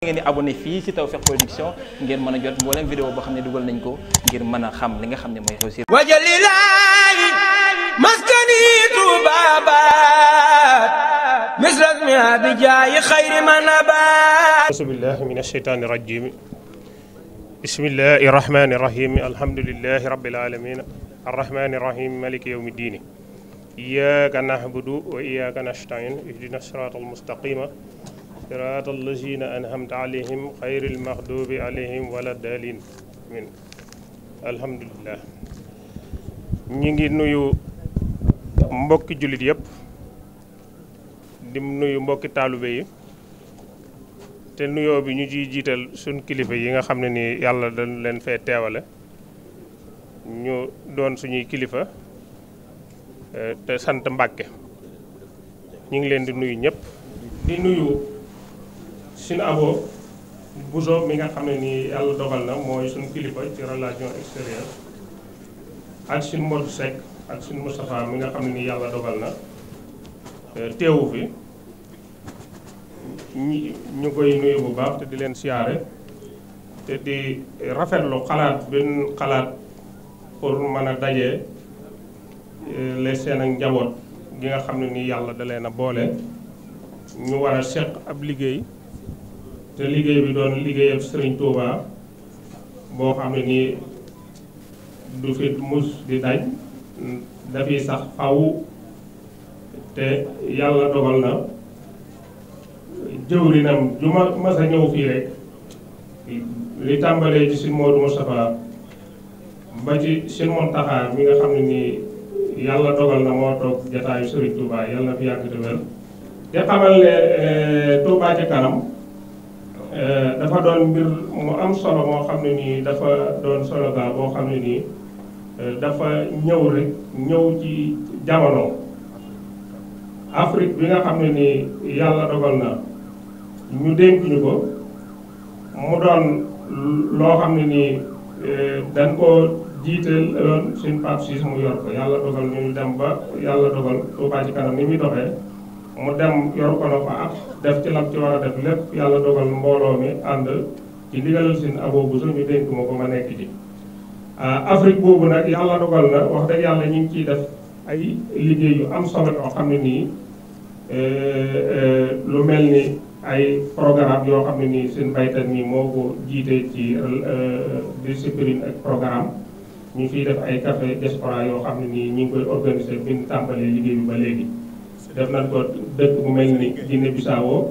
ngeen di abonné fii ci Tawfekh Production ngeen mën a jot mboolem vidéo boo xam ne dugal nañ ko ngir mën a xam li nga xam ne mooy xew ci wajalilaahi maskani tubabat misrasmi abijaayi xayri man abat auzu billahi min asheytaani rajim bismillahi rahmani rahim alhamdulilahi rabbil alamin arrahmani rahim maliki yawmi diini iyyaka na'budu wa iyyaka nasta'in ihdina siratal mustaqima صراط الذين أنعمت عليهم غير المغضوب عليهم ولا الضالين amiin alhamdulilah ñu ngi nuyu mbokki jullit yëpp di nuyu mbokki taalibe yi te nuyoo bi ñu ciy jiital suñ kilifa yi nga xam ne ni yàlla dañ leen fee teewale ñu doon suñuy kilifa eh, te sant Mbàkke ñu ngi leen di nuyu ñëpp di nuyu Sine Abo Bousso mi nga xam ne nii yàlla dogal na mooy suñ kilifa ci relation extérieure ak Sine Modou Seck ak Sine Moustapha mi nga xam ne nii yàlla dogal na euh, teewu fi ñi ñu koy nuyu bu baax te di leen siyaare te di rafetlu xalaat benn xalaat pour mën a daje euh, les seen ak njaboot gi nga xam ne nii yàlla da leen a boole ñu war a seq ab liggéey. te liggéey bi doon liggéeyam Serigne Touba boo xam ne nii du fi mus di daj dafiy sax faw te yàlla dogal na jëwrinam ju ma mas a ñëw fii rek li tàmbalee ci Sëñ Modou Moustapha ba ci Sëñ Mountakha mi nga xam ne nii yàlla dogal na moo toog jataayu Serigne Touba yàlla fi yàgg te te xamal ne eh, Touba ca kanam Euh, dafa doon mbir mu am solo moo xam ne nii dafa doon solo baa boo xam ne nii euh, dafa ñëw rek ñëw ci jamono Afrique bi nga xam ne nii yàlla dogal na ñu dénk ñu ko mu doon loo xam ne nii euh, dañ koo jiital loon suñ Pape Ciss mu yor ko yàlla dogal ñu dem ba yàlla dogal Touba ci kanam ni muy doxee mu dem yor ko na fa at def ci lam ci war a def lépp yàlla dogal mbooloo mi ànd ci ndigalal sin aboo bu suñu dénk ma ko ma nekk ci ah, Afrique boobu nag yàlla dogal na wax dëgg yàlla ñu ngi ciy def ay liggéey yu am solo yoo xam ne nii eh, eh, lu mel ni ay programme yoo xam ne nii seen baykat nii moo ko jiite ci eh, discipline ak programme ñu fi def ay café diaspora yoo xam ne nii ñu ngi koy organiser bi ñu tàmbalee liggéey bi ba léegi def nañ ko dëkk bu mel ni Guinée Bissau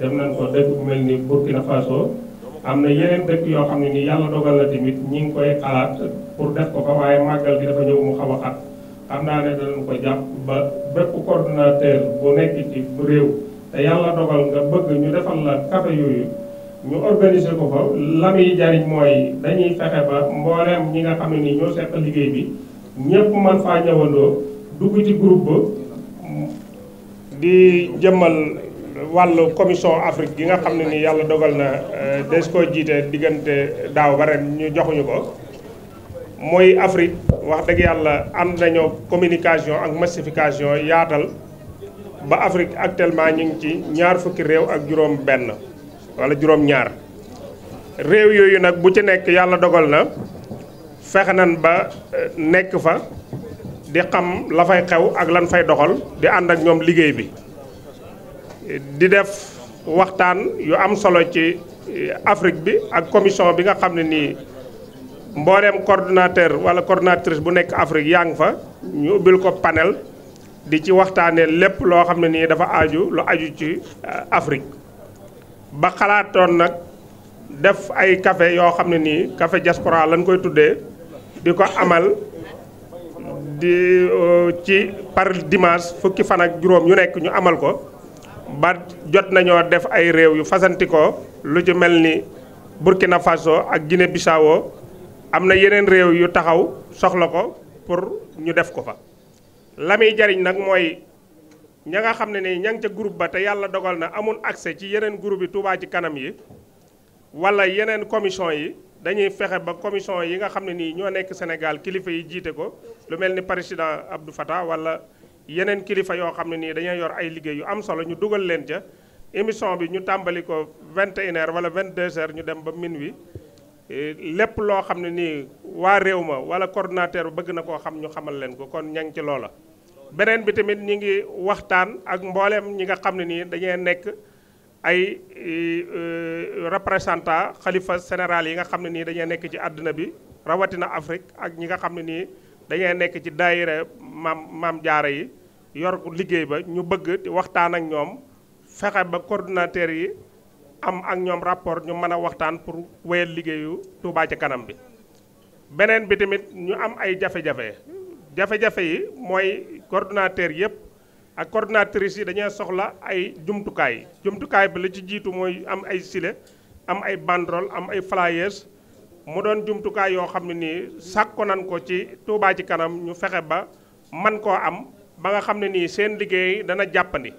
def nañ ko dëkk bu mel ni Burkina Faso am na yeneen dëkk yoo xam ne ni yàlla dogal na tamit ñi ngi koy xalaat pour def ko fa waaye màggal gi dafa ñëw mu xaw a xat xam naa ne danañ ko jàpp ba bépp coordonnateur bu nekk ci réew te yàlla dogal nga bëgg ñu defal la café yooyu ñu organiser ko fa la muy jariñ mooy dañuy fexe ba mbooleem ñi nga xam ne ni ñoo liggéey bi ñëpp man faa ñëwandoo dugg ci groupe di jëmmal wàllu commission Afrique gi nga xam ne ni yàlla dogal na euh, des koo jiite diggante daaw ba ñu joxuñu ko mooy Afrique wax dëgg yàlla ànd nañoo communication ak massification yaatal ba Afrique actuellement ñu ngi ci ñaar fukki réew ak juróom benn wala juróom ñaar réew yooyu nag bu ci nekk yàlla dogal na fexe nan ba euh, nekk fa di xam la fay xew ak lan fay doxal di ànd ak ñoom liggéey bi di def waxtaan yu am solo ci eh, Afrique bi ak commission bi nga xam ne nii mbooleem coordinateur wala coordinatrice bu nekk Afrique yaa ngi fa ñu ubbil ko panel di ci waxtaanee lépp loo xam ne nii dafa aju lu aju ci eh, Afrique ba xalaatoon nag def ay café yoo xam ne nii café diaspora lañ koy tuddee di ko amal di ci par dimanche fukki fan ak juróom yu nekk ñu amal ko ba jot nañoo def ay réew yu fasantikoo lu ci mel ni Burkina Faso ak Guinée Bissau am na yeneen réew yu taxaw soxla ko pour ñu def ko fa. la jariñ nag mooy ña nga xam ne ni ña ngi ca groupe ba te yàlla dogal na amul accès ci yeneen groupe yi Touba ci kanam yi wala yeneen commission yi dañuy fexe ba commission yi nga xam ne nii ñoo nekk Sénégal kilifa yi jiite ko. lu mel ni président Abdou Fattah wala yeneen kilifa yoo xam ne nii dañuy yor ay liggéey yu am solo ñu dugal leen ca émission bi ñu tàmbali ko 21h wala 22h ñu dem ba minuit lépp loo xam ne nii waa réew ma wala coordonnateur bëgg na koo xam ñu xamal leen ko kon ña ngi ci loola. beneen bi tamit ñi ngi waxtaan ak mbooleem ñi nga xam ne nii dañuy nekk ay euh, représentant xalifa général yi nga xam ne nii dañuy nekk ci àdduna bi rawatina Afrique ak ñi nga xam ne nii. dañuy nekk ci daayira maam maam jaara yi yor liggéey ba ñu bëgg waxtaan ak ñoom fexe ba coordinateur yi am ak ñoom rapport ñu mën a waxtaan pour wéyal liggéeyu Touba ci kanam bi beneen bi tamit ñu am ay jafe-jafe jafe-jafe yi mooy coordinateur yëpp ak coordinatrices yi dañuy soxla ay jumtukaay jumtukaay bi la ci jiitu mooy am ay sile am ay banderole am ay flyers mu doon jumtukaay yoo xam ne nii sàkko nan ko ci Touba ci kanam ñu fexe ba man koo am ba nga xam ne nii seen liggéey dana jàppandi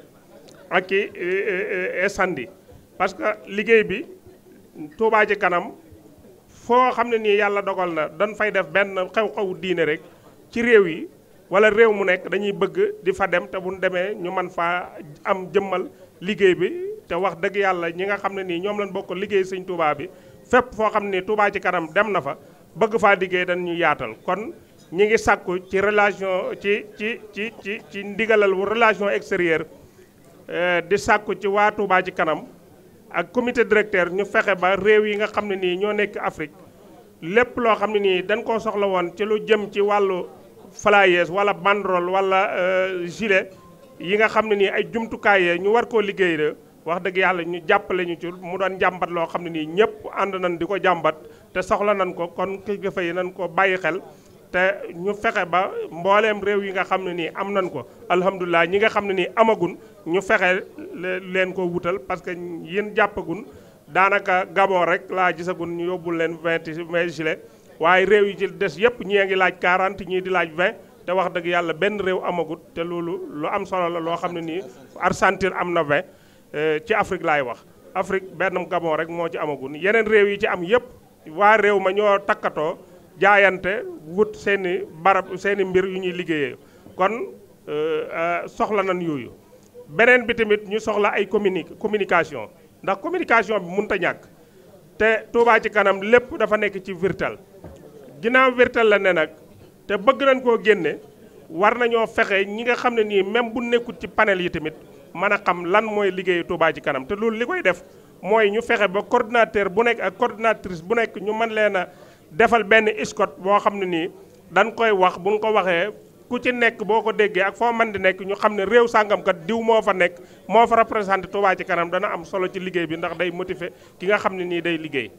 ak ci estandi e, e, e, parce que liggéey bi Touba ci kanam foo xam ne nii yàlla dogal na dañ fay def benn xew-xewu diine rek ci réew yi wala réew mu nekk dañuy bëgg di fa dem te bu ñu demee ñu man faa am jëmmal liggéey bi te wax dëgg yàlla ñi nga xam ne nii ñoom lañ bokk liggéey suñ Touba bi fépp foo xam ni Touba ci kanam dem na fa bëgg faa liggéey dañ ñu yaatal kon ñi ngi sàkku ci relation ci ci ci ci ci ndigalal wu relation extérieure eh, di sàkku ci waa Touba ci kanam ak comité directeur ñu fexe ba réew yi nga xam ne nii ñoo nekk Afrique lépp loo xam ne nii dañ koo soxla woon ci lu jëm ci wàllu flyers wala banderole wala eh, gilet yi nga xam ne nii ay jumtukaay ñu war koo liggéey de wax dëgg yàlla ñu jàppale ñu ci mu doon jàmbat loo xam ne nii ñëpp ànd nañ di ko jàmbat te soxla nañ ko kon kilifa yi nañ ko bàyyi xel te ñu fexe ba mbooleem réew yi nga xam ne nii am nañ ko alhamdulilah ñi nga xam ne nii amagun ñu fexe leen ko wutal parce que yéen jàppagun daanaka Gabon rek laa gisagun ñu yóbbul leen vingt vingt gilet waaye réew yi ci des yëpp ñii a ngi laaj quarante ñii di laaj vingt te wax dëgg yàlla benn réew amagut te loo xam Euh, ci Afrique laay wax Afrique benn Gabon rek moo ci amagun yeneen réew yi ci am yëpp waa réew ma ñoo takkatoo jaayante wut seeni barab seeni mbir yu ñuy liggéeye kon euh, euh, soxla nan yooyu beneen bi tamit ñu soxla ay communi communication ndax communication bi mënut a ñàkk te Touba ci kanam lépp dafa nekk ci virtuel ginnaaw virtuel la ne nag te bëgg nañ koo génne war nañoo fexe ñi nga xam ne nii même bu nekkul ci panel yi tamit mën a xam lan mooy liggéeyu Touba ci kanam te loolu li koy def mooy ñu fexe ba coordinateur bu nekk ak coordinatrice bu nekk ñu mën leen a defal benn scot boo xam ne nii dañ koy wax buñ ko waxee ku ci nekk boo ko déggee ak foo mën di nekk ñu xam ne réew sàngamkat diw moo fa nekk moo fa représenté Touba ci kanam dana am solo ci liggéey bi ndax day motiver ki nga xam ne nii day liggéey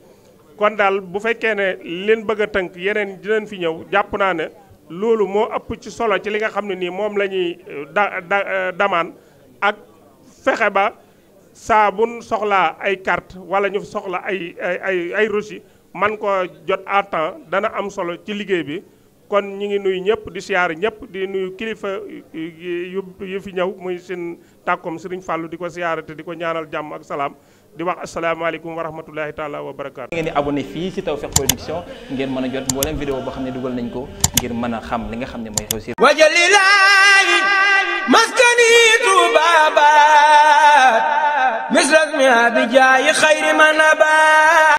kon daal bu fekkee ne leen bëgg a tënk yeneen dinañ fi ñëw jàpp naa ne loolu moo ëpp ci solo ci li nga xam ne nii moom la ñuy euh, da da euh, damaan ak fexe ba saa bu soxlaa ay carte wala ñu soxla ay ay ay ay man ko jot à dana am solo ci liggéey bi kon ñi ngi nuyu ñëpp di siyaar ñëpp di nuyu kilifa yu yu fi ñëw muy seen tàkkoom Serigne Fallou di ko siyaare te di ko ñaanal jàmm ak salaam di wax asalaamaaleykum wa rahmatulahi taala wa barakaatu. ngeen di abonné fii ci Tawfekh Production ngeen mën a jot mboolem vidéo boo xam ne dugal nañ ko ngir mën xam li nga xam ne mooy xew si. maskani tuuba baat misras mi abijaayi xayri ma nabaat